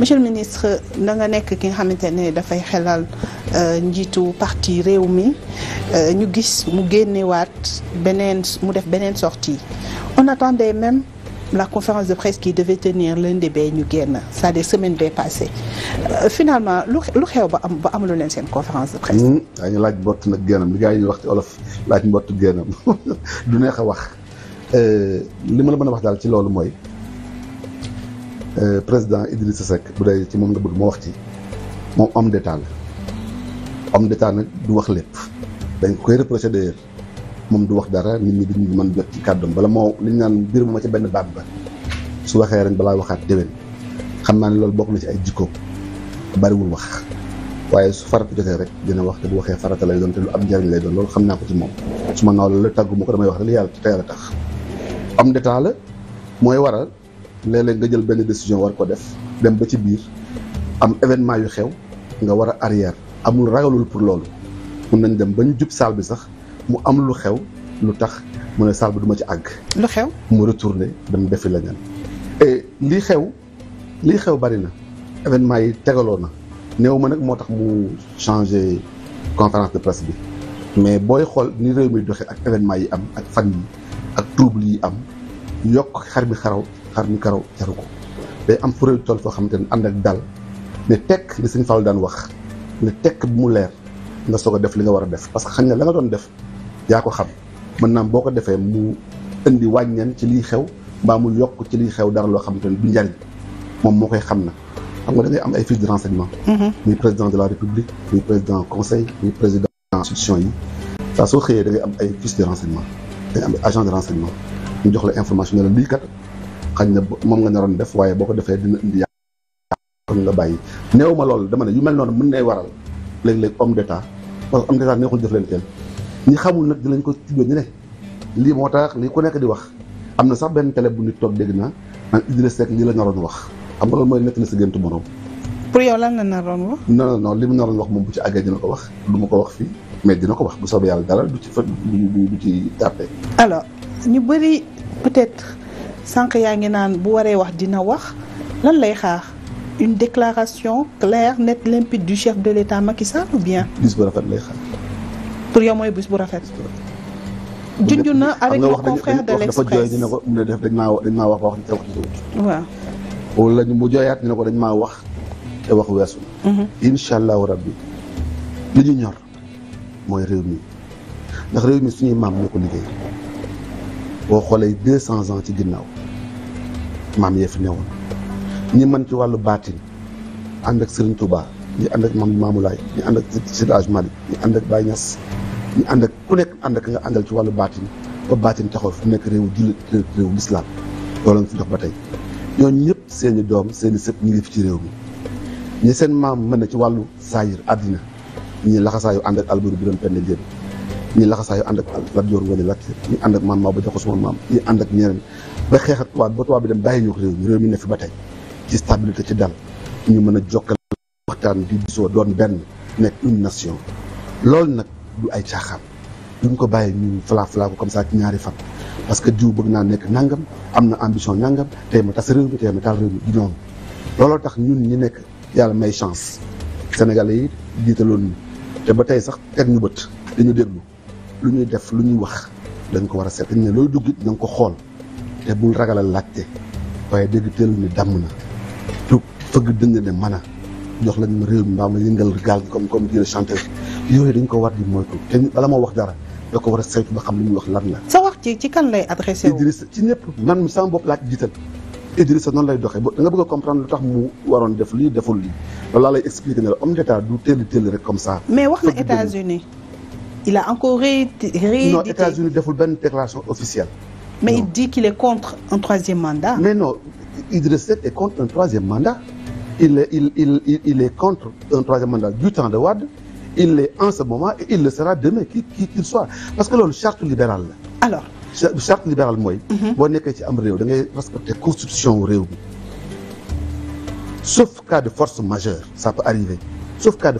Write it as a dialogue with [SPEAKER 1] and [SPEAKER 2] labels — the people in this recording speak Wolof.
[SPEAKER 1] monsieur le ministre da nga nekk ki nga xamante ne dafay xelal euh, njiitu parti réew mi euh, ñu gis mu génnewaat beneen mu def beneen sortie on attendait même la conférence de presse qui devait tenir lundi bee ñu génn c'est-à-dire semaine bee passée euh, finalement lu lu xew ba am ba amuloo leen seen conférence de
[SPEAKER 2] presse. Hmm, daañu laaj mbott nag génnam li gars yi ñu wax ci olof laaj mbott génnam du neex a wax li ma la mën a wax daal ci loolu mooy. Euh, président sa Seck bu dee ci moom nga bëgg ma wax ci moom homme d'état la homme d'état nag du wax lépp dañ koy reproché d'ailleurs moom du wax dara nit ñi ci kàddoom bala moo li ñu naan mbir ma ca benn baat ba su waxee ren balaa waxaat déwén xam naa ne loolu bokk na ci ay jikko bariwul wax waaye su farata jotee rek dina wax te bu waxee doon te lu am njariñ xam naa ko ci moom su ma naw la ko damay wax li yàlla te yàlla tax homme d'état la mooy waral léeg-léeg nga jël benn décision war ko def dem ba ci biir am événement yu xew nga war a arrière amul ragalul pour loolu mun nañ dem ba ñu jub saal bi sax mu am lu xew lu tax mu ne saal bi du ci àgg. lu xew mu retourné dem defi leneen et lii xew lii xew bari na événement yi tegaloo na néew ma nag moo tax mu changé conférence de presse bi mais booy xool ni réew mi doxee ak événement yi am ak fag yi ak trouble yi am yokk xar mi xaraw. xar mi karaw jaru ko day am fu réew toll foo xamante ne ànd ak dal ne tekk li Sëñ Fall daan wax ne tekk bu mu leer nga soo a def li nga war a def parce que xam ne la nga doon def yaa ko xam man naa boo ko defee mu indi wàññeen ci liy xew mbaa mu yokk ci liy xew dara loo xam ne du njariñ moom moo koy xam na xam nga da ngay am ay fiches de renseignement mhm. muy président de la république muy président conseil muy président institution yi saa soo xëyee da ngay am ay fiches de renseignement da ngay am ay la information ne xañ na moom nga ko defee dina indi yàq nga bàyyi néew ma loolu dama ne yu mel noonu mën nay waral léeg-léeg homme d'état parce que homme d'état neexul def leen teel ñi xamul nag dinañ ko tuddee ñu ne lii moo tax lii ku nekk di wax am na sax benn télé bu nit toog dégg naa naan Idriss Seck lii la naroon wax xam nga loolu mooy nekk na si géntu morom pour yow lan la naroon wax non non li mu naroon wax moom bu ci àggee dina ko wax du ma ko wax fii mais dina ko wax bu soobee yàlla dara du ci fa du ci tàppe
[SPEAKER 1] alors ñu bëri sànq yaa ngi naan bu waree wax dina wax lan lay xaar une déclaration claire nette limpide du chef de l'État Macky Sall ou bien.
[SPEAKER 2] bis bu rafet lay xaar.
[SPEAKER 1] pour yow mooy bis bu rafet. junj na avec nos confrères de l'Express dafa jooy
[SPEAKER 2] dina ko mu ne def dañ maa wax dañ maa wax wax te ko dañ maa wax te weesu. Mhm. incha allahu rabbi li ñu ñor mooy réew mi ndax réew mi suñuy maam ñoo ko liggéey. boo xoolee deux cent ans ci ginnaaw maam yee fi newoon ñi mën ci wàllu baatin ànd ak Serigne Touba ñi ànd ak maam Mamoulaye ñi ànd ak Seydi Hadji Malick ñi ànd ak Baye Niass ñi ànd ak ku nekk ànd ak nga àndal ci wàllu baatin ba baatin taxaw fi nekk réew jullit réewu lislaam loolu nga fi dox ba tey ñooñu ñëpp seeni doom seeni i sëpp ñu ngi fi ci réew mi ñi seen maam mën na ci wàllu saayir àddina ñi laxasaayu ànd ak alburu bi doon pende jéem ñi laxasaayu ànd ak Lat Joor wala Lat ànd ak maam maa ba jox ko suma maam ñi ak ñeneen ba xeex ak tubaab ba dem bàyyi ñu ko réew mi ne fi ba tey ci stabilité ci dal ñu mën a jokkal waxtaan di disoo doon benn nekk une nation loolu nag du ay caaxaan duñ ko bàyyi ñu fala fala ko comme ça ñaari fan parce que diw bëgg naa nekk nàngam am na ambition nangam tey ma tas réew mi tey ma taal réew mi du noonu looloo tax ñun ñi nekk yàlla may chance sénégal yi jiitaloon te ba tey sax teg ñu bët dañu déglu lu ñuy def lu ñuy wax dañ ko war a seet dañ ne looy dugg na nga ko xool te bul ragalal laajte waaye dégg teelu ni dàmm na tug fëgg dënd ne mën a jox lañ ma réew mi mbaam la yëngal gaal gi comme comme dina chanteur yooyu dañ ko war di moytu te bala moo wax dara da ko war a saytu ba xam li ñuy wax lan la. sa wax ci ci kan lay adressé wu. Idrissa ci ñëpp nan sama bopp laa ci jiital Idrissa noonu lay doxee ba bëgg a comprendre lu tax mu waroon def lii deful lii loolu laa lay expliqué ne la teel teel rek comme ça.
[SPEAKER 1] mais wax na états
[SPEAKER 2] il a encore réédité. Ré non états déclaration officielle. mais il dit qu'il est contre un troisième mandat. mais non Idriss Seck est contre un troisième mandat. il est il il il, il est contre un troisième mandat du temps de Wade. il l'est en ce moment et il le sera demain qu'il soit parce que loolu charte libérale alors charte libérale mooy. Mhm. boo nekkee ci am réew respecter constitution réew bi sauf cas de force majeure ça peut arriver sauf cas de